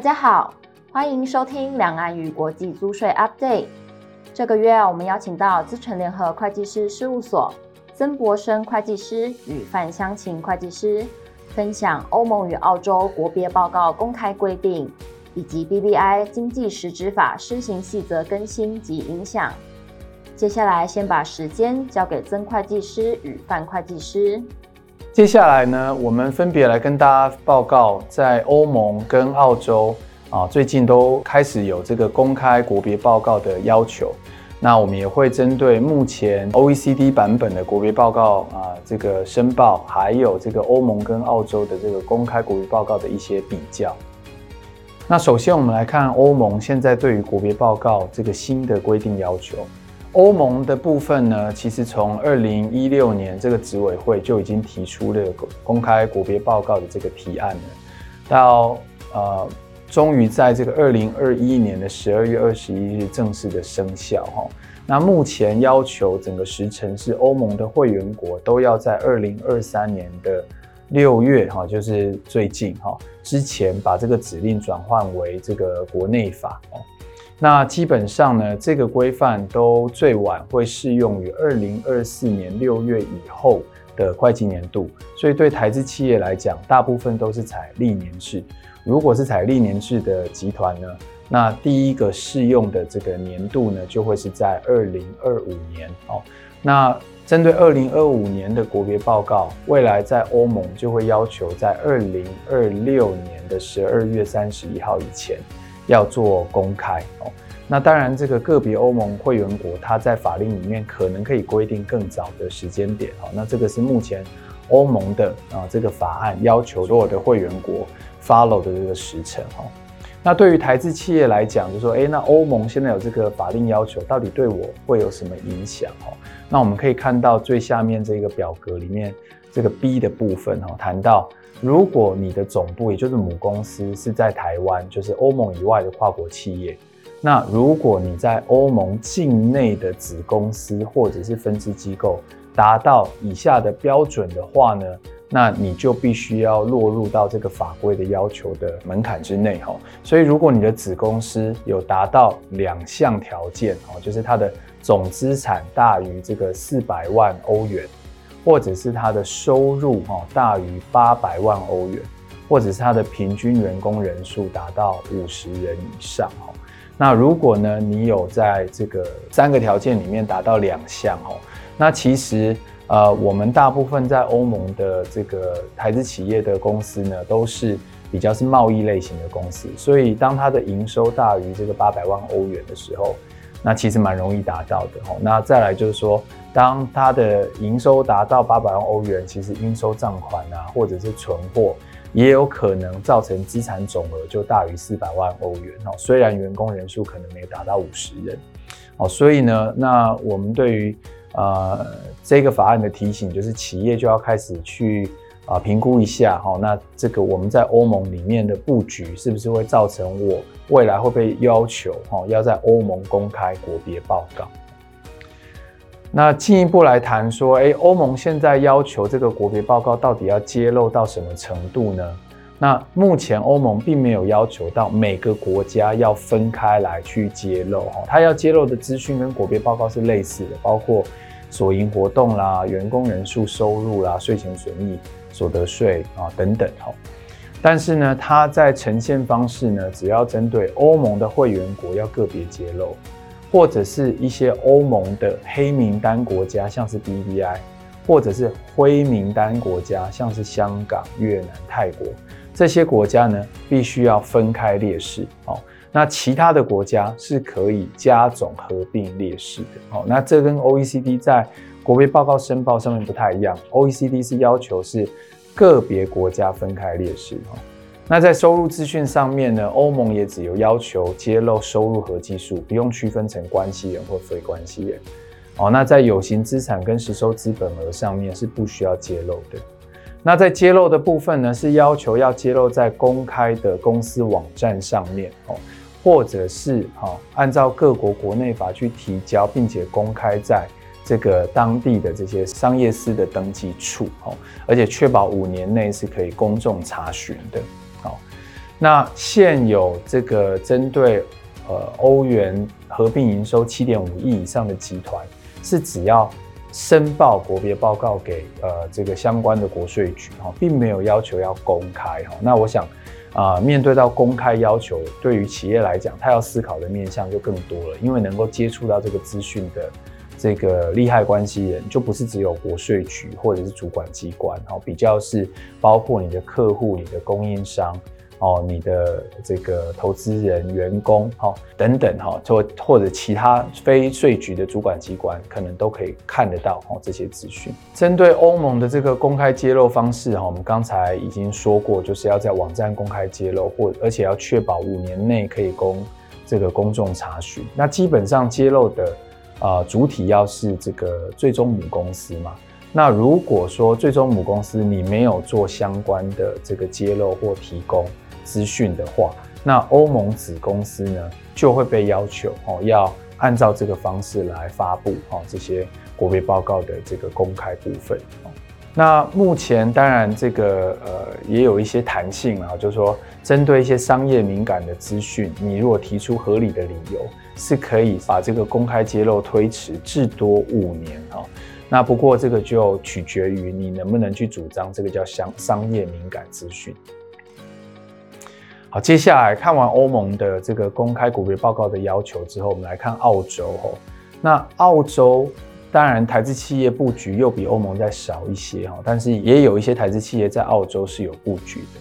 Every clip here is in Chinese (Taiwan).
大家好，歡迎收聽兩岸與國際租稅 Update。這個月，我們邀請到資誠聯合會計師事務所曾博生會計師與范香晴會計師，分享歐盟與澳洲國別報告公開規定，以及 BVI 經濟實質法施行細則更新及影響。接下來，先把時間交給曾會計師與范會計師。接下來呢，我們分別來跟大家報告，在歐盟跟澳洲啊，最近都開始有這個公開國別報告的要求。那我們也會針對目前 OECD 版本的國別報告啊，這個申報，還有這個歐盟跟澳洲的這個公開國別報告的一些比較。那首先，我們來看歐盟現在對於國別報告這個新的規定要求。歐盟的部分呢，其實從二零一六年這個執委會就已經提出了公開國別報告的這個提案了，到呃，終於在這個二零二一年的十二月二十一日正式的生效，哦，那目前要求整個時程是歐盟的會員國都要在二零二三年的六月哈，哦，就是最近哈，哦，之前把這個指令轉換為這個國內法哦。那基本上呢，這個規範都最晚會適用於二零二四年六月以後的會計年度，所以對台資企業來講，大部分都是採歷年制。如果是採歷年制的集團呢，那第一個適用的這個年度呢，就會是在二零二五年哦。那針對二零二五年的國別報告，未來在歐盟就會要求在二零二六年的十二月三十一號以前。要做公開哦，那當然，這個個別歐盟會員國，它在法令裡面可能可以規定更早的時間點。那這個是目前歐盟的啊這個法案要求所有的會員國 follow 的這個時程。那對於台資企業來講，就是說，哎，那歐盟現在有這個法令要求，到底對我會有什麼影響？那我們可以看到最下面這個表格裡面這個 B 的部分，談到。如果你的總部也就是母公司是在台灣，就是歐盟以外的跨國企業，那如果你在歐盟境內的子公司或者是分支機構達到以下的標準的話呢，那你就必須要落入到這個法規的要求的門檻之內哈。所以，如果你的子公司有達到兩項條件哦，就是它的總資產大於這個四百萬歐元。或者是它的收入哈大於八百萬歐元，或者是它的平均員工人數達到五十人以上哈，那如果呢，你有在這個三個條件裡面達到兩項哈，那其實呃，我們大部分在歐盟的這個台資企業的公司呢，都是比較是貿易類型的公司，所以當它的營收大於這個八百萬歐元的時候。那其實蠻容易達到的。那再來就是說，當它的營收達到八百萬歐元，其實應收賬款啊，或者是存貨，也有可能造成資產總額就大於四百萬歐元哦。雖然員工人數可能沒有達到五十人，哦，所以呢，那我們對於呃這個法案的提醒，就是企業就要開始去。啊，評估一下哈、哦，那這個我們在歐盟裡面的布局是不是會造成我未來會被要求哈、哦，要在歐盟公開國別報告？那進一步來談說，誒，歐盟現在要求這個國別報告到底要揭露到什麼程度呢？那目前歐盟並沒有要求到每個國家要分開來去揭露哈，他、哦、要揭露的資訊跟國別報告是類似的，包括。所營活動啦，員工人數、收入啦，稅前損益、所得稅啊等等哦。但是呢，它在呈現方式呢，只要針對歐盟的會員國要個別揭露，或者是一些歐盟的黑名單國家，像是 BVI，或者是灰名單國家，像是香港、越南、泰國這些國家呢，必須要分開列示哦。那其他的國家是可以加總合併列示的哦。那這跟 OECD 在國別報告申報上面不太一樣，OECD 是要求是個別國家分開列示。那在收入資訊上面呢，歐盟也只有要，要求揭露收入合計數，不用區分成關係人或非關係人。哦，那在有形資產跟實收資本額上面是不需要揭露的。那在揭露的部分呢，是要求要揭露在公開的公司網站上面哦。或者是哈，按照各國國內法去提交，並且公開在這個當地的這些商業司的登記處哦，而且確保五年內是可以公眾查詢的。哦。那現有這個針對呃歐元合併營收七點五億以上的集團，是只要申報國別報告給呃這個相關的國稅局哈，並沒有要求要公開哈。那我想。啊、呃，面對到公開要求，對於企業來講，他要思考的面向就更多了，因為能夠接觸到這個資訊的這個利害關係人，就不是只有國稅局或者是主管機關哦，比較是包括你的客戶、你的供應商。哦，你的這個投資人、員工，哦，等等，哈、哦，或或者其他非稅局的主管機關，可能都可以看得到，哦，這些資訊。針對歐盟的這個公開揭露方式，哈、哦，我們剛才已經說過，就是要在網站公開揭露，或而且要確保五年內可以供這個公眾查詢。那基本上揭露的，呃，主體要是這個最終母公司嘛。那如果說最終母公司你沒有做相關的這個揭露或提供，資訊的話，那歐盟子公司呢就會被要求哦，要按照這個方式來發布哦這些國別報告的這個公開部分。哦、那目前當然這個呃也有一些彈性啊，就是說針對一些商業敏感的資訊，你如果提出合理的理由，是可以把這個公開揭露推遲至多五年啊、哦。那不過這個就取決於你能不能去主張這個叫商商業敏感資訊。好，接下來看完歐盟的這個公開國別報告的要求之後，我們來看澳洲。哈，那澳洲當然台資企業布局又比歐盟再少一些哈，但是也有一些台資企業在澳洲是有布局的。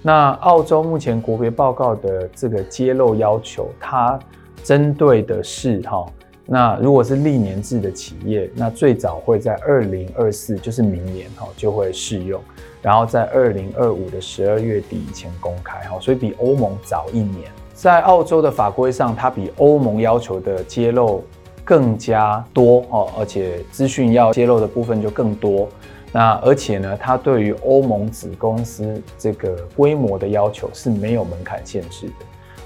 那澳洲目前國別報告的這個揭露要求，它針對的是哈，那如果是歷年制的企業，那最早會在2024，就是明年哈，就會適用。然後在二零二五的十二月底以前公開哈，所以比歐盟早一年。在澳洲的法規上，它比歐盟要求的揭露更加多哦，而且資訊要揭露的部分就更多。那而且呢，它對於歐盟子公司這個規模的要求是沒有門檻限制的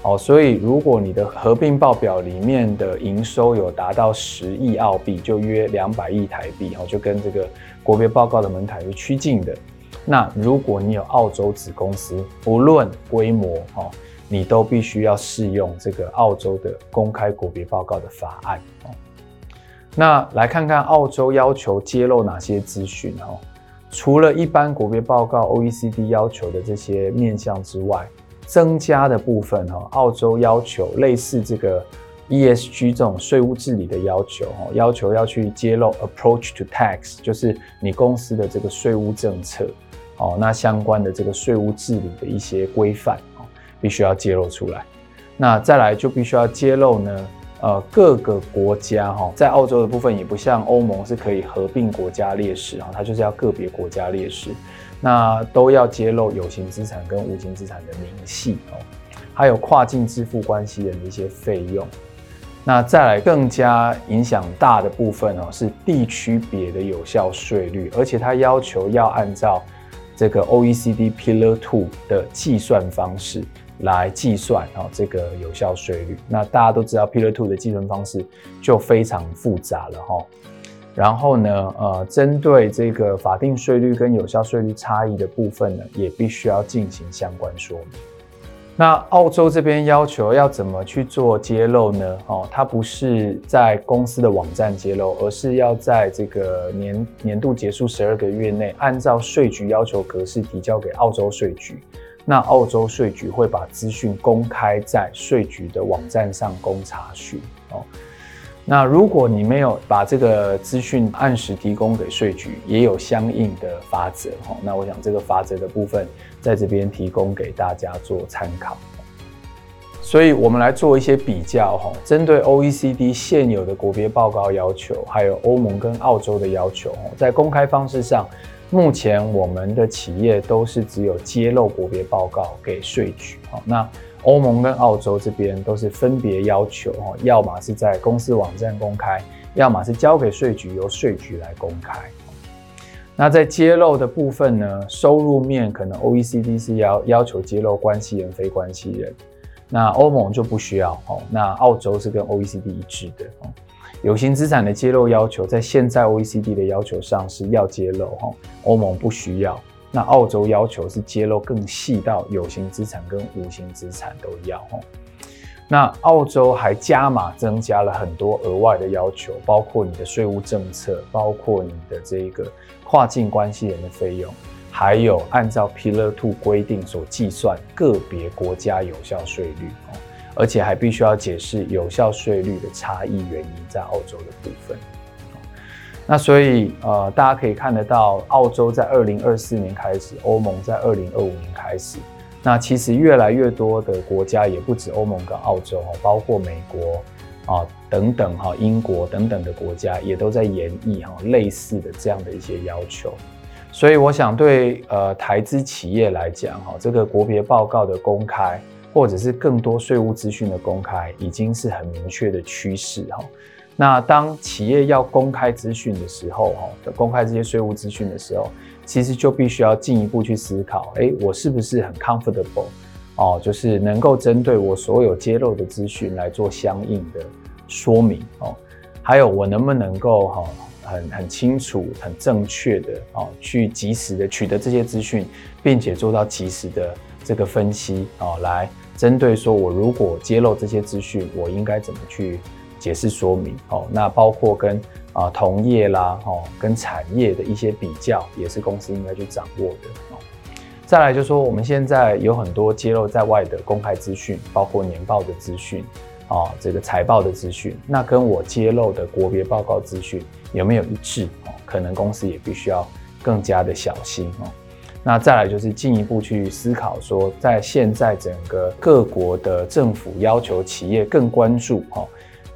哦。所以如果你的合併報表裡面的營收有達到十億澳幣，就約兩百億台幣哦，就跟這個國別報告的門檻是趨近的。那如果你有澳洲子公司，不論規模，哦，你都必須要適用這個澳洲的公開國別報告的法案，哦。那來看看澳洲要求揭露哪些資訊，哦。除了一般國別報告 OECD 要求的這些面向之外，增加的部分，哦，澳洲要求類似這個 ESG 這種稅務治理的要求，哦，要求要去揭露 approach to tax，就是你公司的這個稅務政策。哦，那相關的這個稅務治理的一些規範、哦、必須要揭露出來。那再來就必須要揭露呢，呃，各個國家哈、哦，在澳洲的部分也不像歐盟是可以合併國家列示啊，它就是要個別國家列示。那都要揭露有形資產跟無形資產的明細哦，還有跨境支付關係人的一些費用。那再來更加影響大的部分呢、哦，是地區別的有效稅率，而且它要求要按照。這個 OECD Pillar Two 的計算方式來計算啊、哦，這個有效稅率。那大家都知道 Pillar Two 的計算方式就非常複雜了哈、哦。然後呢，呃，針對這個法定稅率跟有效稅率差異的部分呢，也必須要進行相關說明。那澳洲這邊要求要怎麼去做揭露呢？哦，它不是在公司的網站揭露，而是要在這個年年度結束十二個月內，按照稅局要求格式提交給澳洲稅局。那澳洲稅局會把資訊公開在稅局的網站上供查詢哦。那如果你沒有把這個資訊按時提供給稅局，也有相應的法則，那我想這個法則的部分，在這邊提供給大家做參考。所以我們來做一些比較，針對 OECD 現有的國別報告要求，還有歐盟跟澳洲的要求，在公開方式上，目前我們的企業都是只有揭露國別報告給稅局。歐盟跟澳洲這邊都是分別要求哦，要麼是在公司網站公開，要麼是交給稅局由稅局來公開。那在揭露的部分呢，收入面可能 OECD 是要要求揭露關係人非關係人，那歐盟就不需要哦。那澳洲是跟 OECD 一致的。有形資產的揭露要求在現在 OECD 的要求上是要揭露哦，歐盟不需要。那澳洲要求是揭露更細到有形資產跟無形資產都一樣哦，那澳洲還加碼增加了很多額外的要求，包括你的稅務政策，包括你的這一個跨境關係人的費用，還有按照 Pillar Two 規定所計算個別國家有效稅率哦，而且還必須要解釋有效稅率的差異原因在澳洲的部分。那所以，呃，大家可以看得到，澳洲在二零二四年開始，歐盟在二零二五年開始。那其實越來越多的國家，也不止歐盟跟澳洲哈，包括美國啊、呃、等等哈，英國等等的國家，也都在研議哈類似的這樣的一些要求。所以，我想對呃台資企業來講哈，這個國別報告的公開，或者是更多稅務資訊的公開，已經是很明確的趨勢哈。那當企業要公開資訊的時候，哈，公開這些稅務資訊的時候，其實就必須要進一步去思考，哎、欸，我是不是很 comfortable，哦，就是能夠針對我所有揭露的資訊來做相應的說明，哦，還有我能不能夠哈，很很清楚、很正確的哦，去及時的取得這些資訊，並且做到及時的這個分析，哦，來針對說我如果揭露這些資訊，我應該怎麼去解釋說明哦，那包括跟啊同業啦，哦，跟產業的一些比較，也是公司應該去掌握的哦。再來就是說我們現在有很多揭露在外的公開資訊，包括年報的資訊哦，這個財報的資訊，那跟我揭露的國別報告資訊有沒有一致？哦，可能公司也必須要更加的小心哦。那再來就是進一步去思考說，在現在整個各國的政府要求企業更關注哦。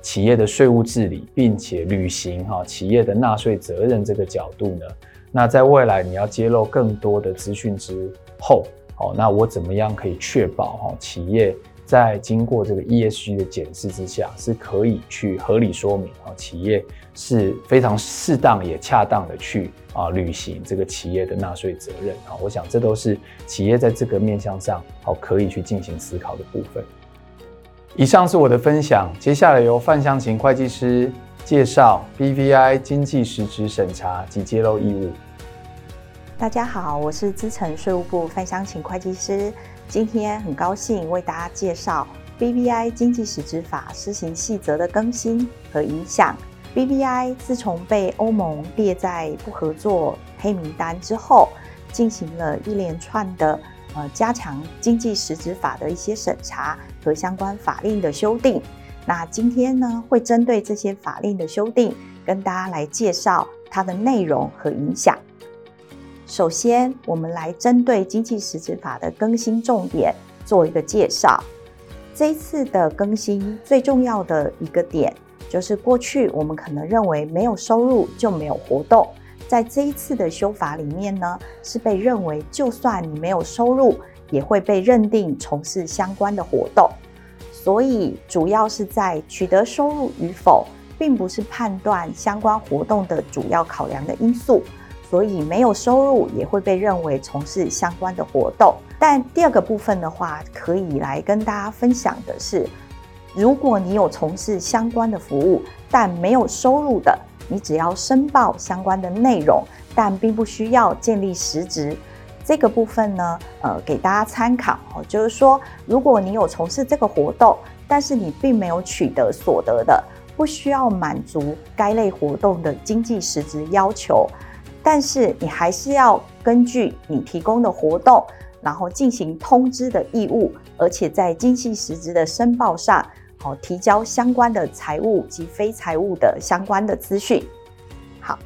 企業的稅務治理，並且履行哈企業的納稅責任這個角度呢，那在未來你要揭露更多的資訊之後，好，那我怎麼樣可以確保哈企業在經過這個 ESG 的檢視之下，是可以去合理說明啊企業是非常適當也恰當的去啊履行這個企業的納稅責任啊，我想這都是企業在這個面向上好可以去進行思考的部分。以上是我的分享，接下來由范香琴會計師介紹 BVI 經濟實質審查及揭露義務。大家好，我是資誠稅務部范香琴會計師，今天很高興為大家介紹 BVI 經濟實質法施行細則的更新和影響。BVI 自從被歐盟列在不合作黑名單之後，進行了一連串的。加強經濟實質法的一些審查和相關法令的修訂。那今天呢，會針對這些法令的修訂，跟大家來介紹它的內容和影響。首先，我們來針對經濟實質法的更新重點做一個介紹。這一次的更新最重要的一個點，就是過去我們可能認為沒有收入就沒有活動。在這一次的修法裡面呢，是被認為就算你沒有收入，也會被認定從事相關的活動。所以主要是在取得收入與否，並不是判斷相關活動的主要考量的因素。所以沒有收入也會被認為從事相關的活動。但第二個部分的話，可以來跟大家分享的是，如果你有從事相關的服務，但沒有收入的。你只要申報相關的內容，但並不需要建立實質。這個部分呢，呃，給大家參考哦。就是說，如果你有從事這個活動，但是你並沒有取得所得的，不需要滿足該類活動的經濟實質要求，但是你還是要根據你提供的活動，然後進行通知的義務，而且在經濟實質的申報上。哦，提交相關的財務及非財務的相關的資訊。好，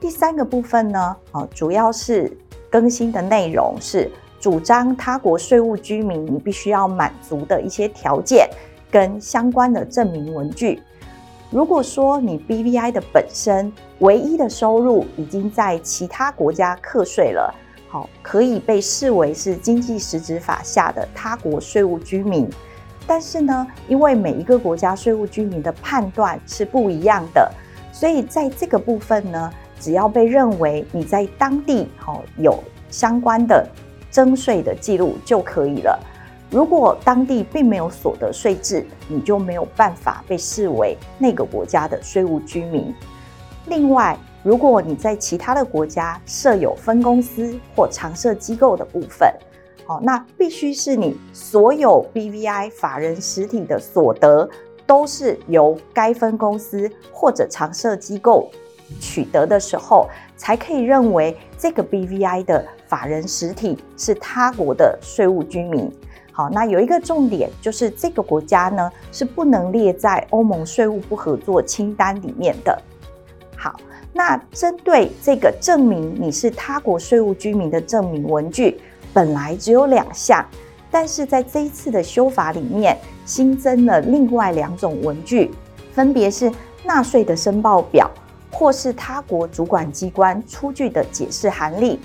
第三個部分呢，哦，主要是更新的內容是主張他國稅務居民，你必須要滿足的一些條件跟相關的證明文具。如果說你 BVI 的本身唯一的收入已經在其他國家課稅了，好，哦，可以被視為是經濟實質法下的他國稅務居民。但是呢，因為每一個國家稅務居民的判斷是不一樣的，所以在這個部分呢，只要被認為你在當地哦有相關的徵稅的記錄就可以了。如果當地並沒有所得稅制，你就沒有辦法被視為那個國家的稅務居民。另外，如果你在其他的國家設有分公司或常設機構的部分，哦，那必須是你所有 BVI 法人實體的所得都是由該分公司或者常設機構取得的時候，才可以認為這個 BVI 的法人實體是他國的稅務居民。好，那有一個重點就是這個國家呢是不能列在歐盟稅務不合作清單裡面的。好，那針對這個證明你是他國稅務居民的證明文據。本來只有兩項，但是在這一次的修法裡面新增了另外兩種文具，分別是納稅的申報表或是他國主管機關出具的解釋函例。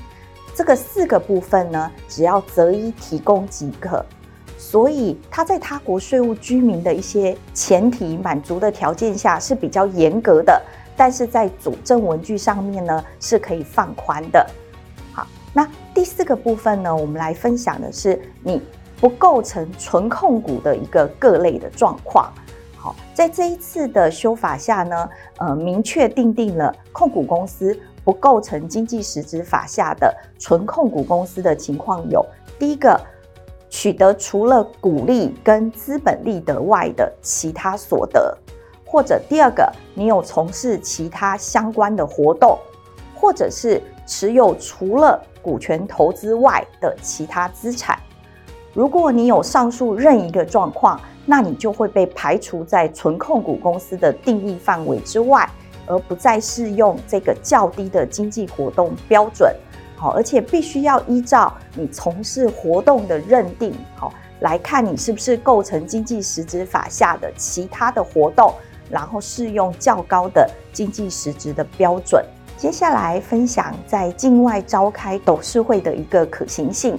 這個四個部分呢，只要擇一提供即可。所以他在他國稅務居民的一些前提滿足的條件下是比較嚴格的，但是在主證文具上面呢是可以放寬的。那第四個部分呢，我們來分享的是你不構成純控股的一個各類的狀況。好，在這一次的修法下呢，呃，明確訂定了控股公司不構成經濟實質法下的純控股公司的情況有：第一個，取得除了股利跟資本利得外的其他所得；或者第二個，你有從事其他相關的活動；或者是持有除了股權投資外的其他資產，如果你有上述任一個狀況，那你就會被排除在純控股公司的定義範圍之外，而不再適用這個較低的經濟活動標準。好，而且必須要依照你從事活動的認定，好，來看你是不是構成經濟實質法下的其他的活動，然後適用較高的經濟實質的標準。接下來分享在境外召開董事會的一個可行性。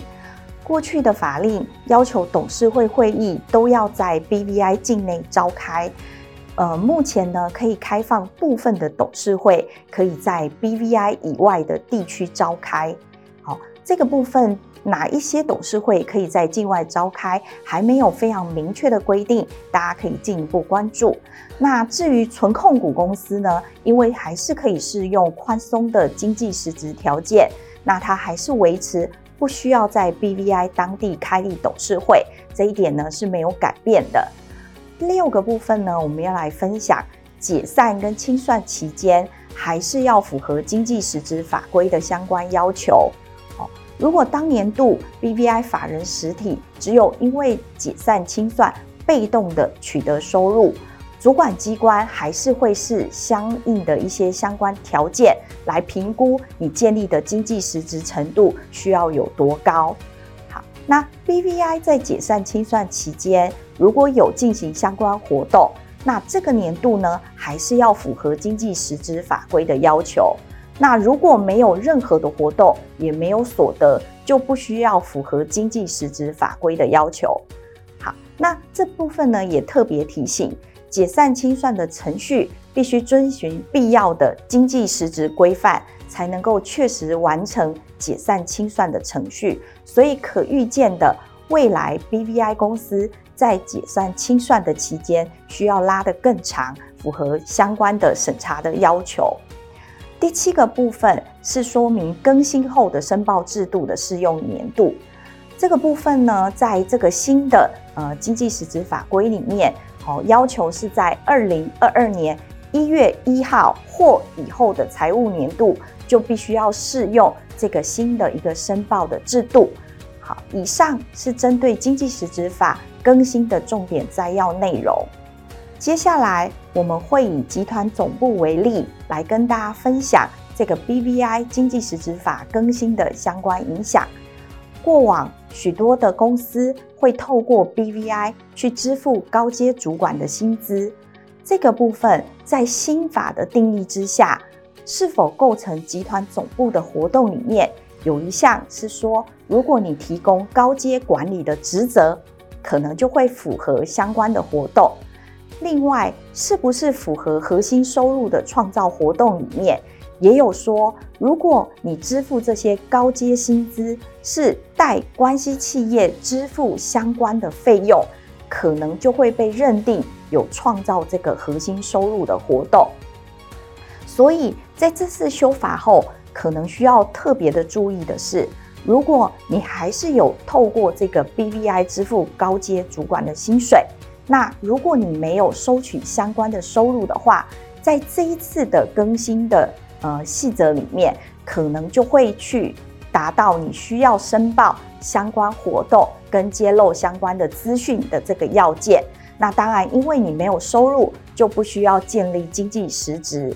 過去的法令要求董事會會議都要在 BVI 境內召開，呃，目前呢可以開放部分的董事會可以在 BVI 以外的地區召開。好，這個部分。哪一些董事會可以在境外召開？還沒有非常明確的規定，大家可以進一步關注。那至於純控股公司呢？因為還是可以適用寬鬆的經濟實質條件，那它還是維持不需要在 BVI 當地開立董事會，這一點呢是沒有改變的。六個部分呢，我們要來分享解散跟清算期間，還是要符合經濟實質法規的相關要求。如果當年度 BVI 法人實體只有因為解散清算，被動的取得收入，主管機關還是會是相應的一些相關條件來評估你建立的經濟實質程度需要有多高。好，那 BVI 在解散清算期間如果有進行相關活動，那這個年度呢還是要符合經濟實質法規的要求。那如果沒有任何的活動，也沒有所得，就不需要符合經濟實質法規的要求。好，那這部分呢也特別提醒，解散清算的程序必須遵循必要的經濟實質規範，才能夠確實完成解散清算的程序。所以可預見的未來，BVI 公司在解散清算的期間需要拉得更長，符合相關的審查的要求。第七個部分是說明更新後的申報制度的適用年度。這個部分呢，在這個新的呃經濟實質法規裡面，哦，要求是在二零二二年一月一號或以後的財務年度，就必須要適用這個新的一個申報的制度。好，以上是針對經濟實質法更新的重點摘要內容。接下來我們會以集團總部為例，來跟大家分享這個 BVI 經濟實質法更新的相關影響。過往許多的公司會透過 BVI 去支付高階主管的薪資，這個部分在新法的定義之下，是否構成集團總部的活動裡面，有一項是說，如果你提供高階管理的職責，可能就會符合相關的活動。另外，是不是符合核心收入的創造活動裡面，也有說，如果你支付這些高階薪資是代關係企業支付相關的費用，可能就會被認定有創造這個核心收入的活動。所以，在這次修法後，可能需要特別的注意的是，如果你還是有透過這個 BVI 支付高階主管的薪水。那如果你沒有收取相關的收入的話，在這一次的更新的呃細則裡面，可能就會去達到你需要申報相關活動跟揭露相關的資訊的這個要件。那當然，因為你沒有收入，就不需要建立經濟實質。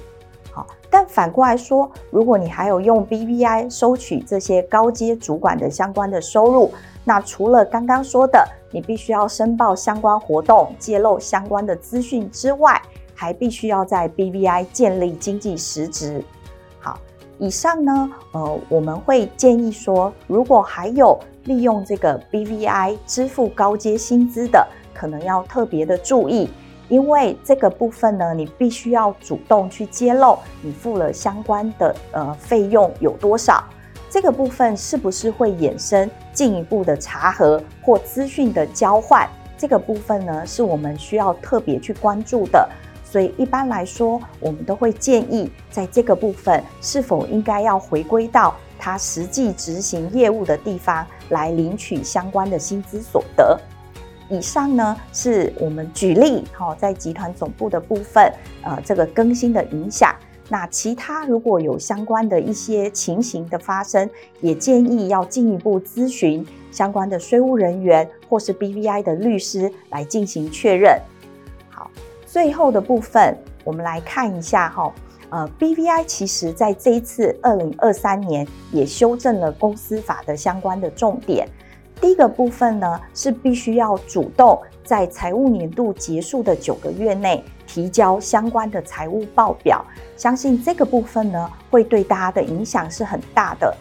好、哦，但反過來說，如果你還有用 BVI 收取這些高階主管的相關的收入。那除了剛剛說的，你必須要申報相關活動、揭露相關的資訊之外，還必須要在 BVI 建立經濟實質。好，以上呢，呃，我們會建議說，如果還有利用這個 BVI 支付高階薪資的，可能要特別的注意，因為這個部分呢，你必須要主動去揭露你付了相關的呃費用有多少。這個部分是不是會衍生進一步的查核或資訊的交換？這個部分呢，是我們需要特別去關注的。所以一般來說，我們都會建議，在這個部分是否應該要回歸到他實際執行業務的地方來領取相關的薪資所得。以上呢，是我們舉例，哈，在集團總部的部分，呃，這個更新的影響。那其他如果有相關的一些情形的發生也建議要進一步諮詢相關的稅務人員或是 BVI 的律師來進行確認。好，最後的部分我們來看一下哈，哦，呃，BVI 其實在這一次二零二三年也修正了公司法的相關的重點。第一個部分呢，是必須要主動在財務年度結束的九個月內。提交相關的財務報表，相信這個部分呢，會對大家的影響是很大的。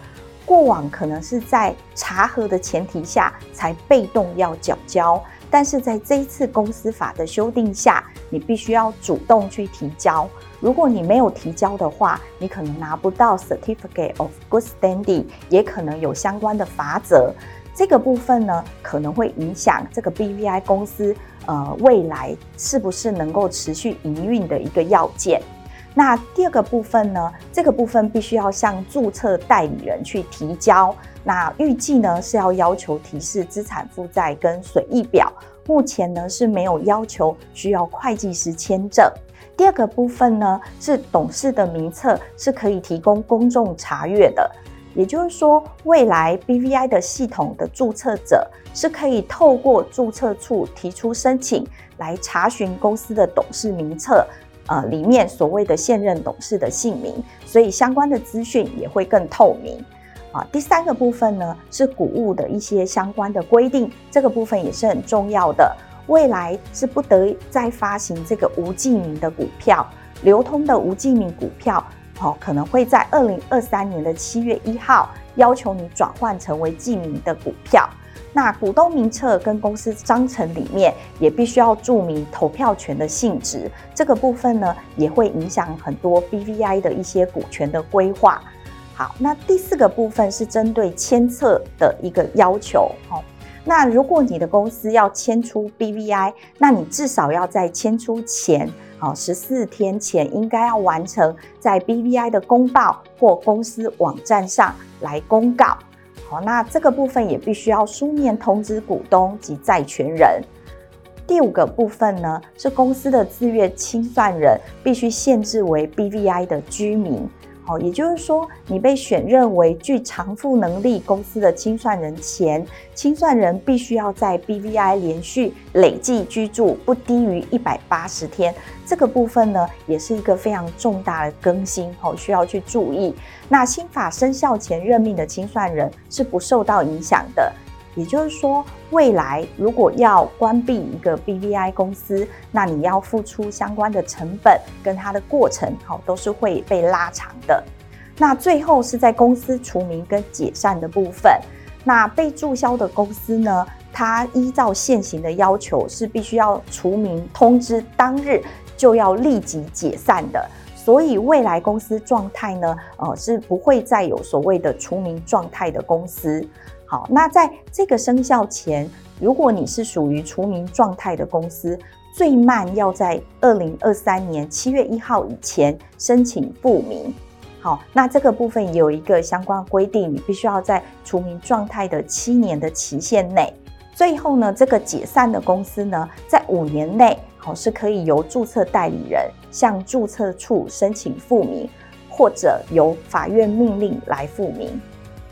過往可能是在查核的前提下才被動要繳交，但是在這一次公司法的修訂下，你必須要主動去提交。如果你沒有提交的話，你可能拿不到 certificate of good standing，也可能有相關的罰則。這個部分呢，可能會影響這個 BVI 公司。呃，未來是不是能夠持續營運的一個要件？那第二個部分呢，這個部分必須要向註冊代理人去提交。那預計呢是要要求提示資產負債跟損益表。目前呢是沒有要求需要會計師簽證。第二個部分呢是董事的名冊是可以提供公眾查閱的。也就是說，未來 BVI 的系統的註冊者是可以透過註冊處提出申請，來查詢公司的董事名冊，呃，裡面所謂的現任董事的姓名，所以相關的資訊也會更透明。啊，第三個部分呢是股務的一些相關的規定，這個部分也是很重要的。未來是不得再發行這個無記名的股票，流通的無記名股票。哦，可能會在二零二三年的七月一號要求你轉換成為記名的股票。那股東名冊跟公司章程裡面也必須要注明投票權的性質。這個部分呢，也會影響很多 BVI 的一些股權的規劃。好，那第四個部分是針對遷冊的一個要求。哦，那如果你的公司要遷出 BVI，那你至少要在遷出前。好，十四天前應該要完成在 BVI 的公報或公司網站上來公告。好，那這個部分也必須要書面通知股東及債權人。第五個部分呢，是公司的自願清算人必須限制為 BVI 的居民。哦，也就是說，你被選任為具償付能力公司的清算人前，清算人必須要在 BVI 連續累計居住不低於一百八十天。這個部分呢，也是一個非常重大的更新哦，需要去注意。那新法生效前任命的清算人是不受到影響的。也就是說，未來如果要關閉一個 BVI 公司，那你要付出相關的成本跟它的過程，哦，好都是會被拉長的。那最後是在公司除名跟解散的部分，那被註銷的公司呢，它依照現行的要求是必須要除名通知當日就要立即解散的。所以未來公司狀態呢，呃是不會再有所謂的除名狀態的公司。好，那在這個生效前，如果你是屬於除名狀態的公司，最慢要在二零二三年七月一號以前申請復名。好，那這個部分也有一個相關規定，你必須要在除名狀態的七年的期限內。最後呢，這個解散的公司呢，在五年內，好，是可以由註冊代理人向註冊處申請復名，或者由法院命令來復名。